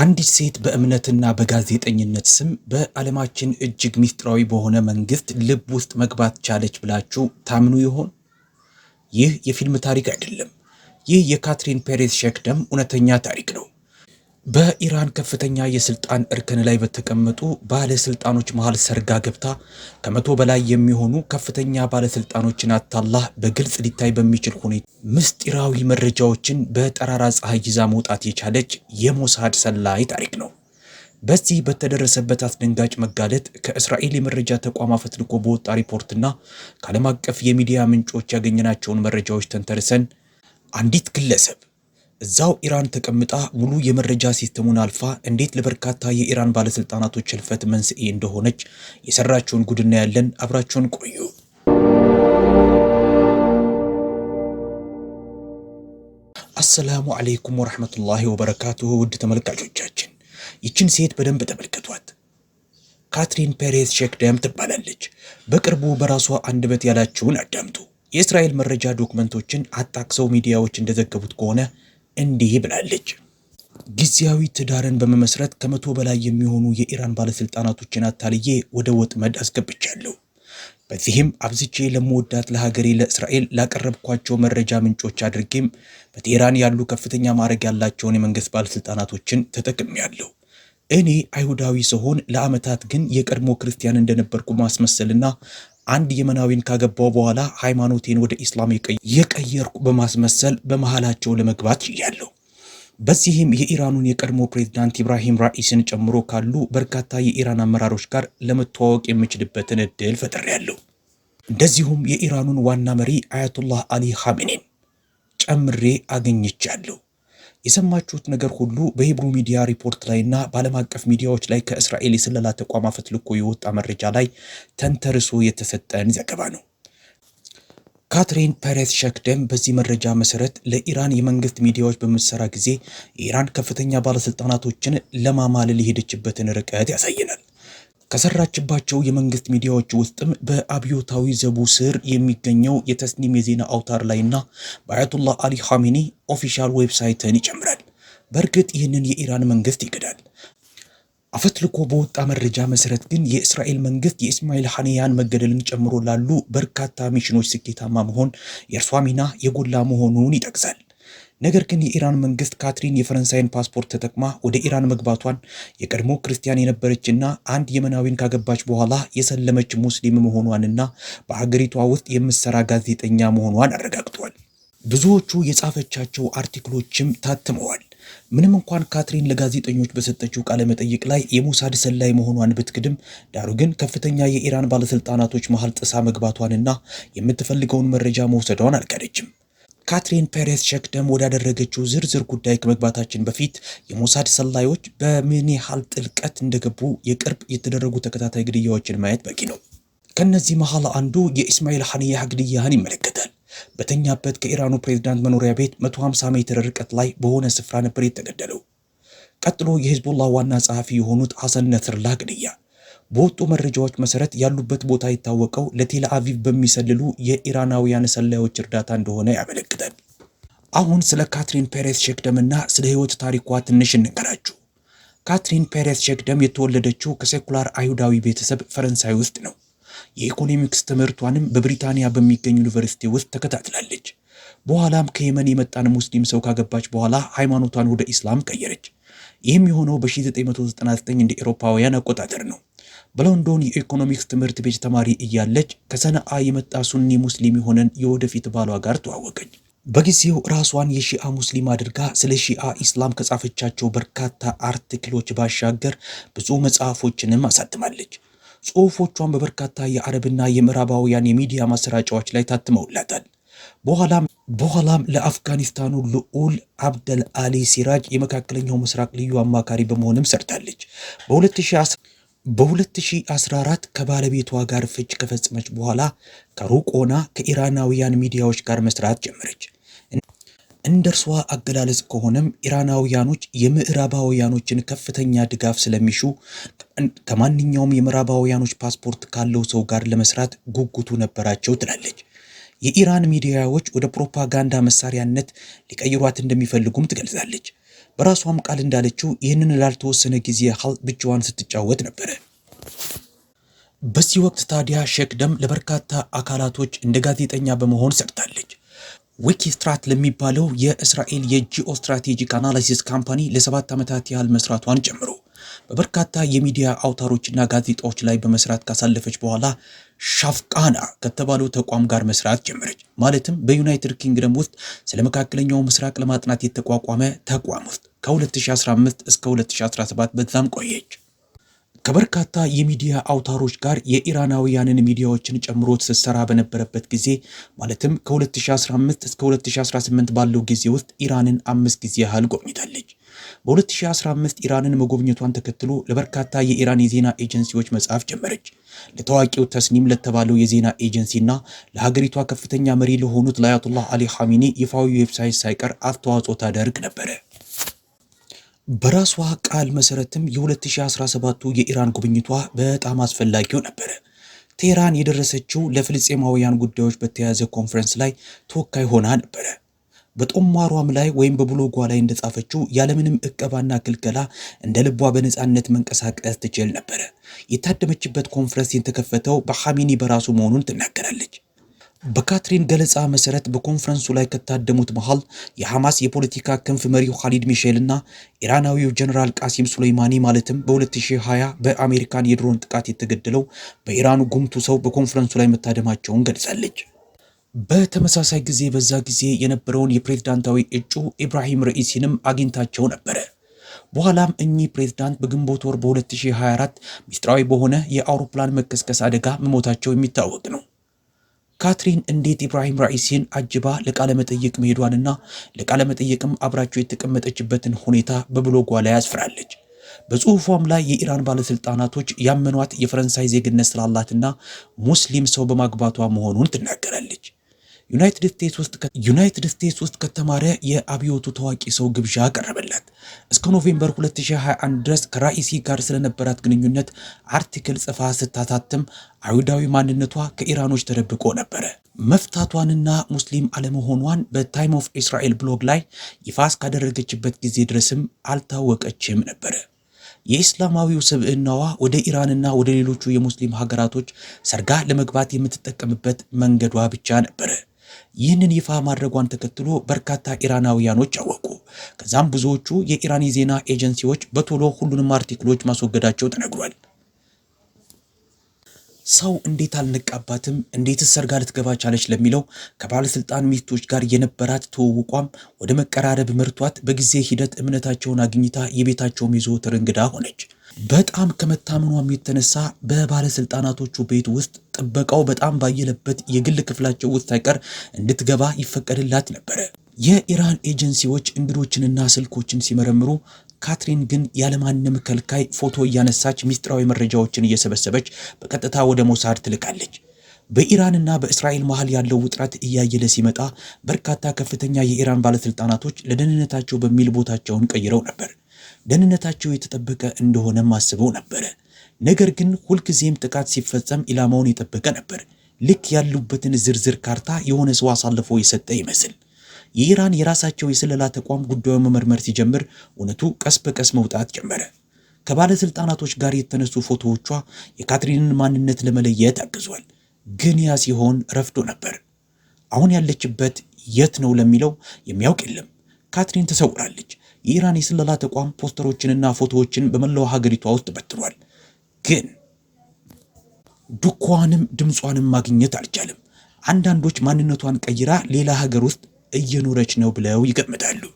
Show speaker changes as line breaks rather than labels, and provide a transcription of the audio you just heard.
አንዲት ሴት በእምነትና በጋዜጠኝነት ስም በዓለማችን እጅግ ሚስጥራዊ በሆነ መንግስት ልብ ውስጥ መግባት ቻለች ብላችሁ ታምኑ ይሆን? ይህ የፊልም ታሪክ አይደለም። ይህ የካትሪን ፔሬዝ ሼክደም እውነተኛ ታሪክ ነው። በኢራን ከፍተኛ የስልጣን እርከን ላይ በተቀመጡ ባለስልጣኖች መሃል ሰርጋ ገብታ ከመቶ በላይ የሚሆኑ ከፍተኛ ባለስልጣኖችን አታላ በግልጽ ሊታይ በሚችል ሁኔታ ምስጢራዊ መረጃዎችን በጠራራ ፀሐይ ይዛ መውጣት የቻለች የሞሳድ ሰላይ ታሪክ ነው። በዚህ በተደረሰበት አስደንጋጭ መጋለጥ ከእስራኤል የመረጃ ተቋም አፈትልኮ በወጣ ሪፖርትና ከዓለም አቀፍ የሚዲያ ምንጮች ያገኘናቸውን መረጃዎች ተንተርሰን አንዲት ግለሰብ እዛው ኢራን ተቀምጣ ሙሉ የመረጃ ሲስተሙን አልፋ እንዴት ለበርካታ የኢራን ባለስልጣናቶች ህልፈት መንስኤ እንደሆነች የሰራችውን ጉድና ያለን አብራችሁን ቆዩ። አሰላሙ አለይኩም ወራህመቱላሂ ወበረካቱሁ ውድ ተመልካቾቻችን ይችን ሴት በደንብ ተመልከቷት። ካትሪን ፔሬዝ ሼክዳም ትባላለች። በቅርቡ በራሷ አንደበት ያላችውን አዳምጡ። የእስራኤል መረጃ ዶክመንቶችን አጣቅሰው ሚዲያዎች እንደዘገቡት ከሆነ እንዲህ ብላለች። ጊዜያዊ ትዳርን በመመስረት ከመቶ በላይ የሚሆኑ የኢራን ባለስልጣናቶችን አታልዬ ወደ ወጥመድ አስገብቻለሁ። በዚህም አብዝቼ ለመወዳት ለሀገሬ ለእስራኤል ላቀረብኳቸው መረጃ ምንጮች አድርጌም በቴህራን ያሉ ከፍተኛ ማዕረግ ያላቸውን የመንግስት ባለስልጣናቶችን ተጠቅሜያለሁ። እኔ አይሁዳዊ ስሆን ለዓመታት ግን የቀድሞ ክርስቲያን እንደነበርኩ ማስመሰልና አንድ የመናዊን ካገባው በኋላ ሃይማኖቴን ወደ ኢስላም የቀየርኩ በማስመሰል በመሃላቸው ለመግባት ችያለሁ። በዚህም የኢራኑን የቀድሞ ፕሬዝዳንት ኢብራሂም ራኢስን ጨምሮ ካሉ በርካታ የኢራን አመራሮች ጋር ለመተዋወቅ የምችልበትን እድል ፈጥሬያለሁ። እንደዚሁም የኢራኑን ዋና መሪ አያቱላህ አሊ ኻሜኔን ጨምሬ አገኝቻለሁ። የሰማችሁት ነገር ሁሉ በሂብሩ ሚዲያ ሪፖርት ላይ ና በዓለም አቀፍ ሚዲያዎች ላይ ከእስራኤል የስለላ ተቋማት ልኮ የወጣ መረጃ ላይ ተንተርሶ የተሰጠን ዘገባ ነው። ካትሪን ፐሬት ሸክደም በዚህ መረጃ መሰረት ለኢራን የመንግስት ሚዲያዎች በምትሰራ ጊዜ የኢራን ከፍተኛ ባለስልጣናቶችን ለማማለል የሄደችበትን ርቀት ያሳየናል። ከሰራችባቸው የመንግስት ሚዲያዎች ውስጥም በአብዮታዊ ዘቡ ስር የሚገኘው የተስኒም የዜና አውታር ላይና በአያቱላህ አሊ ኻሜኒ ኦፊሻል ዌብሳይትን ይጨምራል። በእርግጥ ይህንን የኢራን መንግስት ይክዳል። አፈትልኮ በወጣ መረጃ መሰረት ግን የእስራኤል መንግስት የእስማኤል ሐንያን መገደልን ጨምሮ ላሉ በርካታ ሚሽኖች ስኬታማ መሆን የእርሷ ሚና የጎላ መሆኑን ይጠቅሳል። ነገር ግን የኢራን መንግስት ካትሪን የፈረንሳይን ፓስፖርት ተጠቅማ ወደ ኢራን መግባቷን የቀድሞ ክርስቲያን የነበረችና አንድ የመናዊን ካገባች በኋላ የሰለመች ሙስሊም መሆኗንና በሀገሪቷ ውስጥ የምትሰራ ጋዜጠኛ መሆኗን አረጋግጧል። ብዙዎቹ የጻፈቻቸው አርቲክሎችም ታትመዋል። ምንም እንኳን ካትሪን ለጋዜጠኞች በሰጠችው ቃለ መጠይቅ ላይ የሞሳድ ሰላይ መሆኗን ብትክድም ዳሩ ግን ከፍተኛ የኢራን ባለስልጣናቶች መሃል ጥሳ መግባቷንና የምትፈልገውን መረጃ መውሰዷን አልካደችም። ካትሪን ፔሬስ ሸክደም ወዳደረገችው ዝርዝር ጉዳይ ከመግባታችን በፊት የሞሳድ ሰላዮች በምን ያህል ጥልቀት እንደገቡ የቅርብ የተደረጉ ተከታታይ ግድያዎችን ማየት በቂ ነው። ከነዚህ መሀል አንዱ የኢስማኤል ሐንያህ ግድያን ይመለከታል። በተኛበት ከኢራኑ ፕሬዝዳንት መኖሪያ ቤት 150 ሜትር ርቀት ላይ በሆነ ስፍራ ነበር የተገደለው። ቀጥሎ የሂዝቡላህ ዋና ጸሐፊ የሆኑት ሐሰን ነስርላህ ግድያ በወጡ መረጃዎች መሰረት ያሉበት ቦታ የታወቀው አቪቭ በሚሰልሉ የኢራናውያን ሰላዮች እርዳታ እንደሆነ ያመለክታል። አሁን ስለ ካትሪን ፔሬስ ሼክደምና ስለ ህይወት ታሪኳ ትንሽ እንንገራችሁ። ካትሪን ፔሬስ ሼክደም የተወለደችው ከሴኩላር አይሁዳዊ ቤተሰብ ፈረንሳይ ውስጥ ነው። የኢኮኖሚክስ ትምህርቷንም በብሪታንያ በሚገኝ ዩኒቨርሲቲ ውስጥ ተከታትላለች። በኋላም ከየመን የመጣን ሙስሊም ሰው ካገባች በኋላ ሃይማኖቷን ወደ ኢስላም ቀየረች። ይህም የሆነው በ1999 እንደ ኤሮፓውያን አቆጣጠር ነው። በሎንዶን የኢኮኖሚክስ ትምህርት ቤት ተማሪ እያለች ከሰነአ የመጣ ሱኒ ሙስሊም የሆነን የወደፊት ባሏ ጋር ተዋወቀኝ። በጊዜው ራሷን የሺአ ሙስሊም አድርጋ ስለ ሺአ ኢስላም ከጻፈቻቸው በርካታ አርቲክሎች ባሻገር ብዙ መጽሐፎችንም አሳትማለች። ጽሑፎቿን በበርካታ የአረብና የምዕራባውያን የሚዲያ ማሰራጫዎች ላይ ታትመውላታል። በኋላም በኋላም ለአፍጋኒስታኑ ልዑል አብደል አሊ ሲራጅ የመካከለኛው ምስራቅ ልዩ አማካሪ በመሆንም ሰርታለች በ በ2014 ከባለቤቷ ጋር ፍች ከፈጸመች በኋላ ከሩቅ ሆና ከኢራናውያን ሚዲያዎች ጋር መስራት ጀመረች። እንደ እርሷ አገላለጽ ከሆነም ኢራናውያኖች የምዕራባውያኖችን ከፍተኛ ድጋፍ ስለሚሹ ከማንኛውም የምዕራባውያኖች ፓስፖርት ካለው ሰው ጋር ለመስራት ጉጉቱ ነበራቸው ትላለች። የኢራን ሚዲያዎች ወደ ፕሮፓጋንዳ መሳሪያነት ሊቀይሯት እንደሚፈልጉም ትገልጻለች። በራሷም ቃል እንዳለችው ይህንን ላልተወሰነ ጊዜ ያህል ብቻዋን ስትጫወት ነበረ። በዚህ ወቅት ታዲያ ሼክ ደም ለበርካታ አካላቶች እንደ ጋዜጠኛ በመሆን ሰርታለች። ዊኪስትራት ለሚባለው የእስራኤል የጂኦ ስትራቴጂክ አናላሲስ ካምፓኒ ለሰባት ዓመታት ያህል መስራቷን ጨምሮ በበርካታ የሚዲያ አውታሮችና ጋዜጣዎች ላይ በመስራት ካሳለፈች በኋላ ሻፍቃና ከተባለው ተቋም ጋር መስራት ጀመረች። ማለትም በዩናይትድ ኪንግደም ውስጥ ስለ መካከለኛው ምስራቅ ለማጥናት የተቋቋመ ተቋም ውስጥ ከ2015 እስከ 2017 በዛም ቆየች። ከበርካታ የሚዲያ አውታሮች ጋር የኢራናውያንን ሚዲያዎችን ጨምሮ ስትሰራ በነበረበት ጊዜ ማለትም ከ2015 እስከ 2018 ባለው ጊዜ ውስጥ ኢራንን አምስት ጊዜ ያህል ጎብኝታለች። በ2015 ኢራንን መጎብኘቷን ተከትሎ ለበርካታ የኢራን የዜና ኤጀንሲዎች መጽሐፍ ጀመረች። ለታዋቂው ተስኒም ለተባለው የዜና ኤጀንሲና ለሀገሪቷ ከፍተኛ መሪ ለሆኑት ለአያቱላህ አሊ ሐሚኒ ይፋዊ ዌብሳይት ሳይቀር አስተዋጽኦ ታደርግ ነበረ። በራሷ ቃል መሰረትም የ2017ቱ የኢራን ጉብኝቷ በጣም አስፈላጊው ነበረ። ቴህራን የደረሰችው ለፍልስጤማውያን ጉዳዮች በተያያዘ ኮንፈረንስ ላይ ተወካይ ሆና ነበረ። በጦማሯም ላይ ወይም በብሎጓ ላይ እንደጻፈችው ያለምንም እቀባና ክልከላ እንደ ልቧ በነጻነት መንቀሳቀስ ትችል ነበረ። የታደመችበት ኮንፈረንስ የተከፈተው በሐሚኒ በራሱ መሆኑን ትናገራለች። በካትሪን ገለጻ መሰረት በኮንፈረንሱ ላይ ከታደሙት መሃል የሐማስ የፖለቲካ ክንፍ መሪው ኻሊድ ሚሼል እና ኢራናዊው ጀነራል ቃሲም ሱሌይማኒ ማለትም በ2020 በአሜሪካን የድሮን ጥቃት የተገደለው በኢራኑ ጉምቱ ሰው በኮንፈረንሱ ላይ መታደማቸውን ገልጻለች። በተመሳሳይ ጊዜ በዛ ጊዜ የነበረውን የፕሬዝዳንታዊ እጩ ኢብራሂም ረኢሲንም አግኝታቸው ነበረ። በኋላም እኚህ ፕሬዝዳንት በግንቦት ወር በ2024 ሚስጥራዊ በሆነ የአውሮፕላን መከስከስ አደጋ መሞታቸው የሚታወቅ ነው። ካትሪን እንዴት ኢብራሂም ራኢሲን አጅባ ለቃለመጠይቅ መሄዷንና ለቃለመጠይቅም አብራቸው የተቀመጠችበትን ሁኔታ በብሎጓ ላይ ያስፍራለች። በጽሑፏም ላይ የኢራን ባለሥልጣናቶች ያመኗት የፈረንሳይ ዜግነት ስላላትና ሙስሊም ሰው በማግባቷ መሆኑን ትናገራለች። ዩናይትድ ስቴትስ ውስጥ ከተማረ የአብዮቱ ታዋቂ ሰው ግብዣ ቀረበለት። እስከ ኖቬምበር 2021 ድረስ ከራኢሲ ጋር ስለነበራት ግንኙነት አርቲክል ጽፋ ስታታትም አይሁዳዊ ማንነቷ ከኢራኖች ተደብቆ ነበረ። መፍታቷንና ሙስሊም አለመሆኗን በታይም ኦፍ እስራኤል ብሎግ ላይ ይፋ እስካደረገችበት ጊዜ ድረስም አልታወቀችም ነበረ። የኢስላማዊው ስብዕናዋ ወደ ኢራንና ወደ ሌሎቹ የሙስሊም ሀገራቶች ሰርጋ ለመግባት የምትጠቀምበት መንገዷ ብቻ ነበረ። ይህንን ይፋ ማድረጓን ተከትሎ በርካታ ኢራናውያኖች አወቁ። ከዛም ብዙዎቹ የኢራን የዜና ኤጀንሲዎች በቶሎ ሁሉንም አርቲክሎች ማስወገዳቸው ተነግሯል። ሰው እንዴት አልነቃባትም? እንዴት ሰርጋ ልትገባ ቻለች? ለሚለው ከባለስልጣን ሚስቶች ጋር የነበራት ትውውቋም ወደ መቀራረብ መርቷት በጊዜ ሂደት እምነታቸውን አግኝታ የቤታቸው ሚዞ ትርንግዳ ሆነች። በጣም ከመታመኗም የተነሳ በባለስልጣናቶቹ ቤት ውስጥ ጥበቃው በጣም ባየለበት የግል ክፍላቸው ውስጥ ሳይቀር እንድትገባ ይፈቀድላት ነበረ። የኢራን ኤጀንሲዎች እንግዶችንና ስልኮችን ሲመረምሩ ካትሪን ግን ያለማንም ከልካይ ፎቶ እያነሳች ሚስጥራዊ መረጃዎችን እየሰበሰበች በቀጥታ ወደ ሞሳድ ትልካለች። በኢራንና በእስራኤል መሃል ያለው ውጥረት እያየለ ሲመጣ በርካታ ከፍተኛ የኢራን ባለስልጣናቶች ለደህንነታቸው በሚል ቦታቸውን ቀይረው ነበር። ደህንነታቸው የተጠበቀ እንደሆነም አስበው ነበረ። ነገር ግን ሁልጊዜም ጥቃት ሲፈጸም ኢላማውን የጠበቀ ነበር። ልክ ያሉበትን ዝርዝር ካርታ የሆነ ሰው አሳልፎ የሰጠ ይመስል የኢራን የራሳቸው የስለላ ተቋም ጉዳዩን መመርመር ሲጀምር እውነቱ ቀስ በቀስ መውጣት ጀመረ። ከባለስልጣናቶች ጋር የተነሱ ፎቶዎቿ የካትሪንን ማንነት ለመለየት አግዟል። ግን ያ ሲሆን ረፍዶ ነበር። አሁን ያለችበት የት ነው ለሚለው የሚያውቅ የለም። ካትሪን ተሰውራለች። የኢራን የስለላ ተቋም ፖስተሮችንና ፎቶዎችን በመላው ሀገሪቷ ውስጥ በትሯል። ግን ዱኳንም ድምጿንም ማግኘት አልቻለም። አንዳንዶች ማንነቷን ቀይራ ሌላ ሀገር ውስጥ እየኖረች ነው ብለው ይገምታሉ።